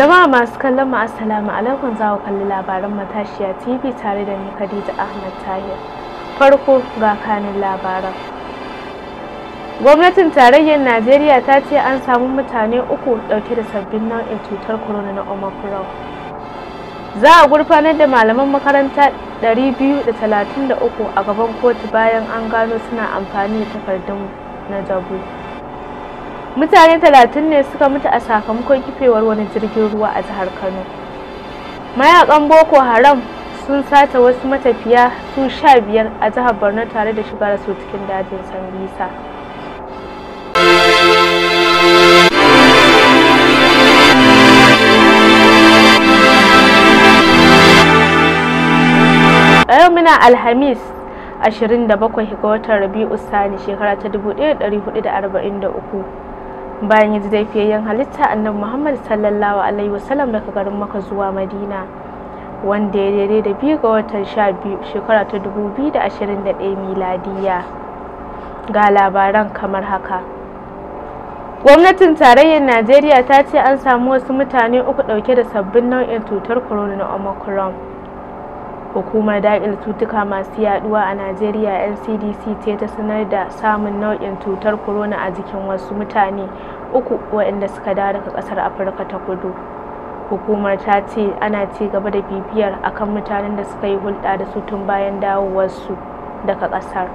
Jama'a masu kallon mu assalamu alaikum za ku kalli labaran matashiya TV tare da ni Khadija Ahmad Tahir. Farko ga kanin labaran. Gwamnatin tarayyar Najeriya ta ce an samu mutane uku dauke da sabbin nau'in cutar corona na Omicron. Za a gurfanar da malaman makaranta 233 a gaban kotu bayan an gano suna amfani da takardun na jabu. mutane talatin ne suka mutu a sakamakon kifewar wani jirgin ruwa a jihar kano mayakan boko haram sun sata wasu matafiya su sha biyar a jihar borno tare da shiga su cikin dajin sambisa a yau muna alhamis 27 ga watan rabi'u sani shekara ta 1443 bayan yanzu zai dai fiyayyen halitta annabi muhammad sallallahu alaihi wasallam daga garin maka zuwa madina wanda ya daidai da biyu ga watan sha biyu shekara ta dubu biyu da ashirin da ɗaya miladiya ga labaran kamar haka gwamnatin tarayyar najeriya ta ce an samu wasu mutane uku ɗauke da sabbin nau'in cutar corona na omicron Hukumar daƙile cutuka masu yaduwa a Najeriya (NCDC) ce ta sanar da samun nau'in cutar corona a jikin wasu mutane uku waɗanda suka dawo daga ƙasar Afirka ta Kudu. Hukumar ta ce ana ci gaba da bibiyar akan mutanen da suka yi hulɗa da su tun bayan dawowarsu daga ƙasar.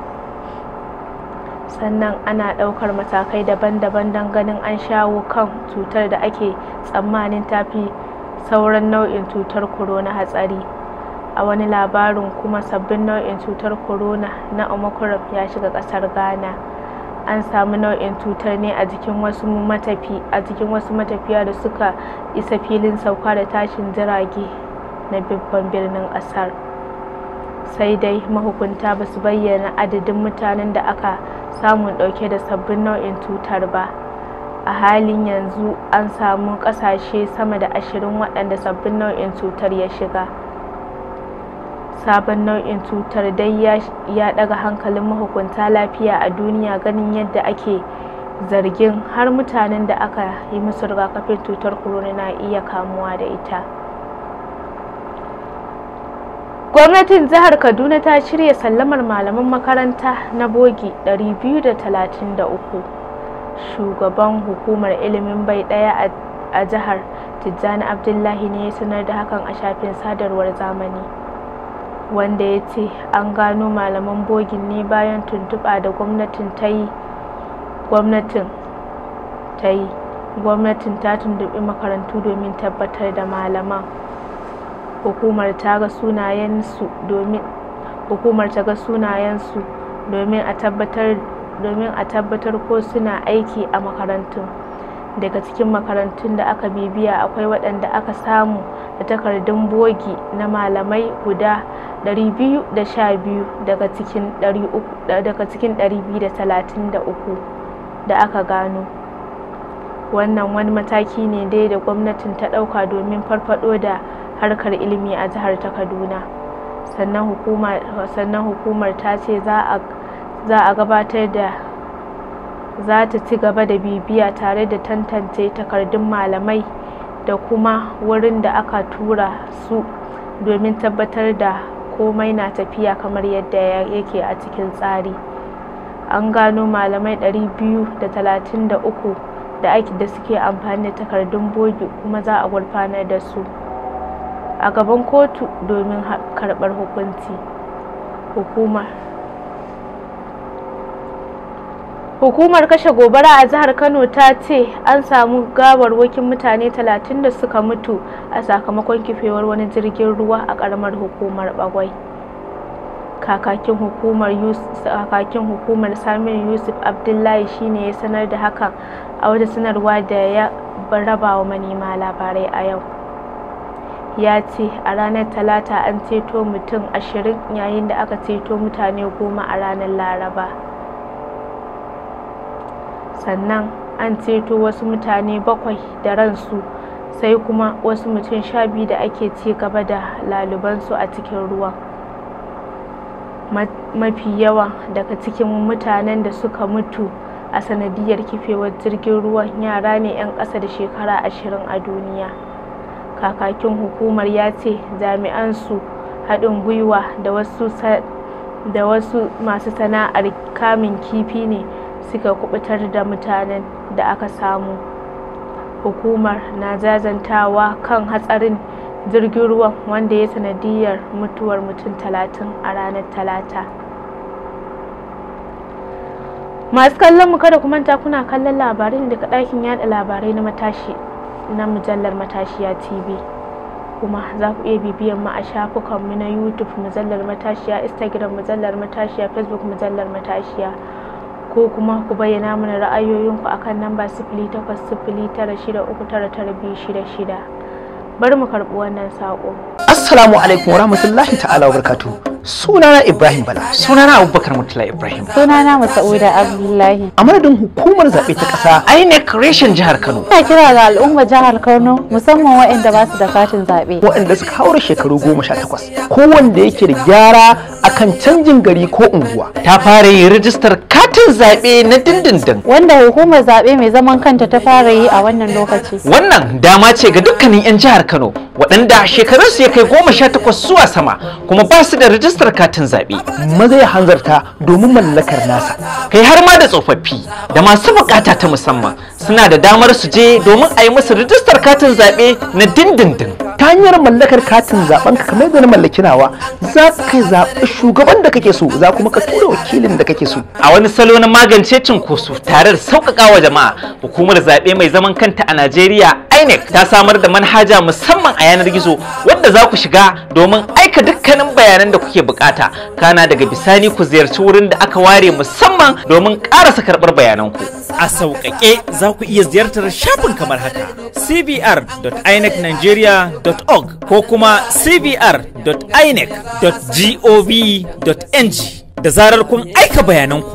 Sannan ana ɗaukar matakai daban-daban don ganin an shawo kan cutar da ake tsammanin ta fi sauran nau'in cutar corona hatsari. a wani labarin kuma sabbin nau'in cutar corona na omicron ya shiga kasar ghana an samu nau'in cutar ne a jikin wasu matafiya da suka isa filin sauka da tashin jirage na babban birnin kasar sai dai mahukunta ba su bayyana adadin mutanen da aka samu dauke da sabbin nau'in cutar ba a halin yanzu an samu kasashe sama da ashirin waɗanda sabbin nau'in cutar ya shiga sabon nau'in cutar dai ya daga hankalin mahukunta lafiya a duniya ganin yadda ake zargin har mutanen da aka yi musu rigakafin cutar corona na iya kamuwa da ita gwamnatin jihar kaduna ta shirya sallamar malaman makaranta na bogi 233 shugaban hukumar ilimin bai daya a jihar tijjani abdullahi ne ya sanar da hakan a shafin sadarwar zamani wanda ya ce an gano malaman bogin ne bayan tuntuɓa da gwamnatin ta yi gwamnatin ta yi gwamnatin ta tuntuɓi makarantu domin tabbatar da malaman hukumar ta ga sunayensu domin hukumar ta ga sunayensu domin a tabbatar domin a tabbatar ko suna aiki a makarantun daga cikin makarantun da aka bibiya akwai waɗanda aka samu da takardun bogi na malamai guda 212 daga cikin 233 da aka gano wannan wani mataki ne dai da gwamnatin ta ɗauka domin farfado da harkar ilimi a jihar ta kaduna sannan hukumar ta ce za a gabatar da za ta ci gaba da bibiya tare da tantance takardun malamai da kuma wurin da aka tura su domin tabbatar da komai na tafiya kamar yadda yake a cikin tsari an gano malamai 233 da ake da suke amfani da takardun bogi kuma za a gurfanar da su a gaban kotu domin karɓar hukunci hukumar Hukumar kashe gobara a jihar Kano ta ce an samu gawarwakin mutane 30 da suka mutu a sakamakon kifewar wani jirgin ruwa a karamar hukumar Bagwai. Kakakin hukumar kakakin Samir Yusuf Abdullahi shine ya sanar da hakan a wata sanarwa da ya raba wa manema labarai a yau. ya ce a ranar talata an ceto mutum ashirin yayin da aka ceto mutane goma a ranar laraba sannan an ceto wasu mutane bakwai da ransu sai kuma wasu mutum sha biyu da ake ci gaba da lalubansu a cikin ruwa mafi yawa daga cikin mutanen da suka mutu a sanadiyar kifewar jirgin ruwan yara ne 'yan ƙasa da shekara ashirin a duniya kakakin hukumar ya ce jami'an su haɗin gwiwa da wasu masu sana'ar kamun kifi ne suka kubutar da mutanen da aka samu hukumar na jazantawa kan hatsarin jirgin ruwan wanda ya sanadiyar mutuwar mutum talatin a ranar talata masu kallon mu kada kuma manta kuna kallon labarin daga ɗakin yada labarai na matashi na mujallar matashiya tv kuma za ku iya bibiyan mu a shafukanmu na youtube mujallar matashiya instagram mujallar matashiya facebook mujallar matashiya ko kuma ku bayyana mana ra'ayoyinku akan namba sifili takwas sifili tara shida uku tara tara biyu shida shida bari mu karɓi wannan saƙo assalamu alaikum rahmatullahi ta'ala barkatu sunana ibrahim bala sunana abubakar mutula ibrahim sunana masauda abdullahi a madadin hukumar zaɓe ta ƙasa inec reshen jihar kano ina kira ga al'umma jihar kano musamman waɗanda ba su da katin zaɓe waɗanda suka haura shekaru goma sha takwas ko wanda yake da gyara akan canjin gari ko unguwa ta fara yin rijistar katin zaɓe na dindindin wanda hukumar zaɓe mai zaman kanta ta fara yi a wannan lokaci wannan dama ce ga dukkanin 'yan jihar kano waɗanda shekarunsu ya kai goma sha takwas zuwa sama kuma ba su da rijistar rajistar katin zaɓe maza ya hanzarta domin mallakar nasa kai har ma da tsofaffi da masu bukata ta musamman suna da damar su je domin a yi musu rijistar katin zaɓe na dindindin ta hanyar mallakar katin zaben ka kamar da na mallaki nawa za ka zaɓi shugaban da kake so za kuma ka tura wakilin da kake so a wani salo na magance cinkoso tare da sauƙaƙa wa jama'a hukumar zaɓe mai zaman kanta a najeriya INEC ta samar da manhaja musamman a yanar gizo wadda za ku shiga domin aika dukkanin bayanan da kuke bukata kana daga bisani ku ziyarci wurin da aka ware musamman domin karasa bayanan bayananku. A sauƙaƙe za ku iya ziyartar shafin kamar haka cbr.inecnigeria.org ko kuma cbr.inec.gov.ng da zarar kun aika bayananku.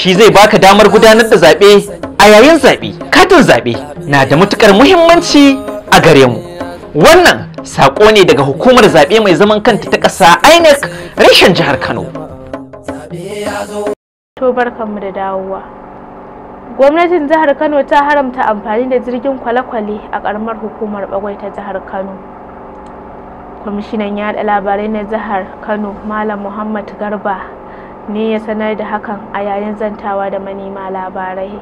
shi zai baka damar gudanar da zaɓe a yayin zaɓe katin zaɓe na da matukar muhimmanci a gare mu wannan saƙo ne daga hukumar zaɓe mai zaman kanta ta ƙasa inec rashin jihar kano to barkanmu da dawowa gwamnatin jihar kano ta haramta amfani da jirgin kwale-kwale a ƙaramar hukumar bagwai ta jihar kano kwamishinan yaɗa labarai na jihar kano malam muhammad garba ne ya sanar da hakan a yayin zantawa da manema labarai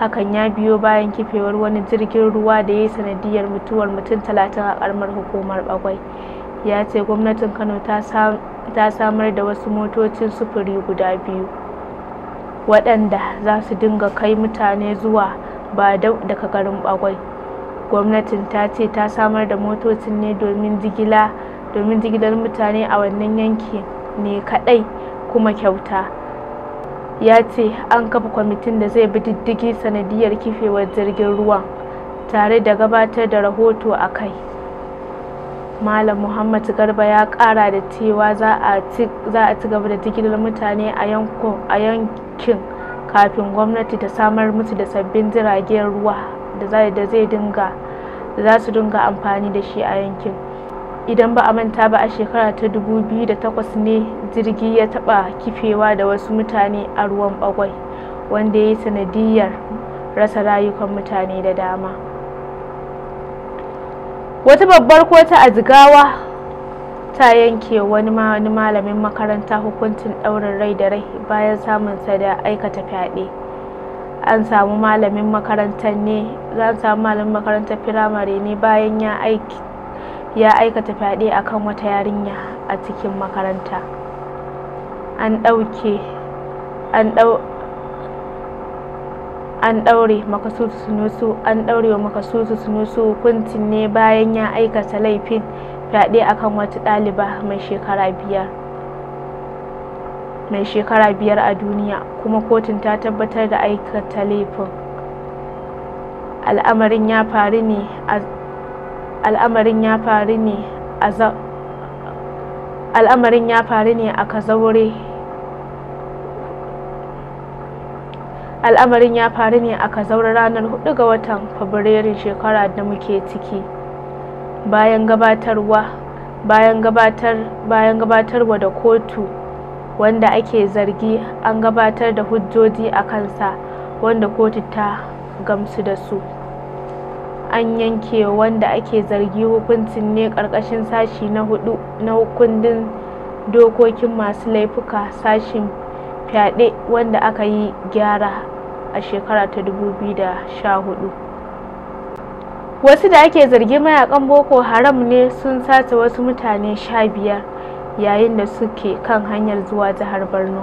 hakan ya biyo bayan kifewar wani jirgin ruwa da ya yi sanadiyar mutuwar mutum talatin a karamar hukumar bagwai ya ce gwamnatin kano ta samar da wasu motocin sufuri guda biyu waɗanda za su dinga kai mutane zuwa ba daga garin bagwai gwamnatin ta ce ta samar da motocin ne domin jigilar mutane a wannan yanki ne kaɗai kuma kyauta ya ce an kafa kwamitin da zai bi diddigi sanadiyar kifewar jirgin ruwa tare da gabatar da rahoto a kai malam muhammad garba ya kara da cewa za a ci gaba da jigilar mutane a yankin kafin gwamnati ta samar musu da sabbin jiragen ruwa da zai dinga za su dinga amfani da shi a yankin idan ba a manta ba a shekara ta 2008 ne jirgi ya taba kifewa da wasu mutane a ruwan bagwai wanda ya yi sanadiyar rasa rayukan mutane da dama wata babbar kota a jigawa ta yanke wani malamin makaranta hukuncin ɗaurin rai da rai bayan samunsa da aikata fyaɗe an samu malamin makarantar makarantar firamare ne bayan ya aiki ya aikata fyaɗe a kan wata yarinya a cikin makaranta an ɗauke ɗaure makasusu sunusu an ɗaure wa makasusu sunusu hukuncin ne bayan ya aikata laifin fyaɗe akan wata ɗaliba mai shekara biyar mai shekara biyar a duniya kuma kotun ta tabbatar da aikata laifin al'amarin ya faru ne a al'amarin ya faru ne a al'amarin ya faru ne a kazaure al'amarin ya faru ne a kazaure ranar 4 ga watan fabrairun shekara da muke ciki bayan gabatarwa bayan gabatar bayan gabatarwa da kotu wanda ake zargi an gabatar da hujjoji a kansa wanda kotu ta gamsu da su an yanke wanda ake zargi hukuncin ne ƙarƙashin sashi na hudu na kundin dokokin masu laifuka sashin fyaɗe wanda aka yi gyara a shekara ta 2014 wasu da ake zargi mayakan boko haram ne sun sace wasu mutane sha biyar yayin da suke kan hanyar zuwa jihar borno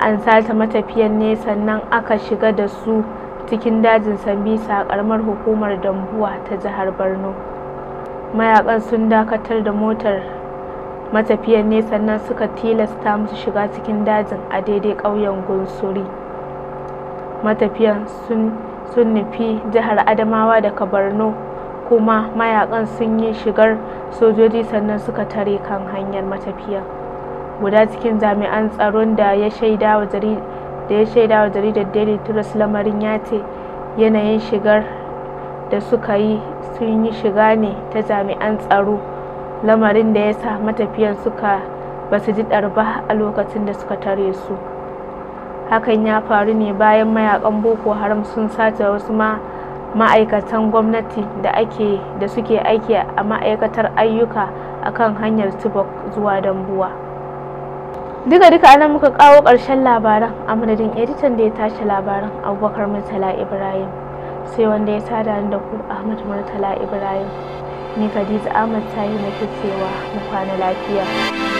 an sace matafiyan ne sannan aka shiga da su cikin dajin Sambisa karamar hukumar Dambuwa ta jihar Borno. Mayakan sun dakatar da motar matafiyan ne sannan suka tilasta musu shiga cikin dajin a daidai ƙauyen Gunsuri. Matafiyan sun nufi jihar Adamawa daga Borno kuma mayakan sun yi shigar sojoji sannan suka tare kan hanyar matafiyan. Guda cikin jami'an tsaron da ya shaida wa jarida da ya shaida wa jaridar daily trust lamarin ya ce yanayin shigar da suka yi sun yi shiga ne ta jami'an tsaro lamarin da ya sa matafiyan suka ba su ji ɗarba a lokacin da suka tare su hakan ya faru ne bayan mayakan boko haram sun sace wasu ma ma'aikatan gwamnati da ake da suke aiki a ma'aikatar ayyuka akan hanyar tibok zuwa dambuwa duka duka anan muka kawo ƙarshen labaran a madadin editan da ya tashi labaran abubakar murtala ibrahim sai wanda ya sada da ku ahmad murtala ibrahim ni khadija ahmad tayi nake cewa mu kwana lafiya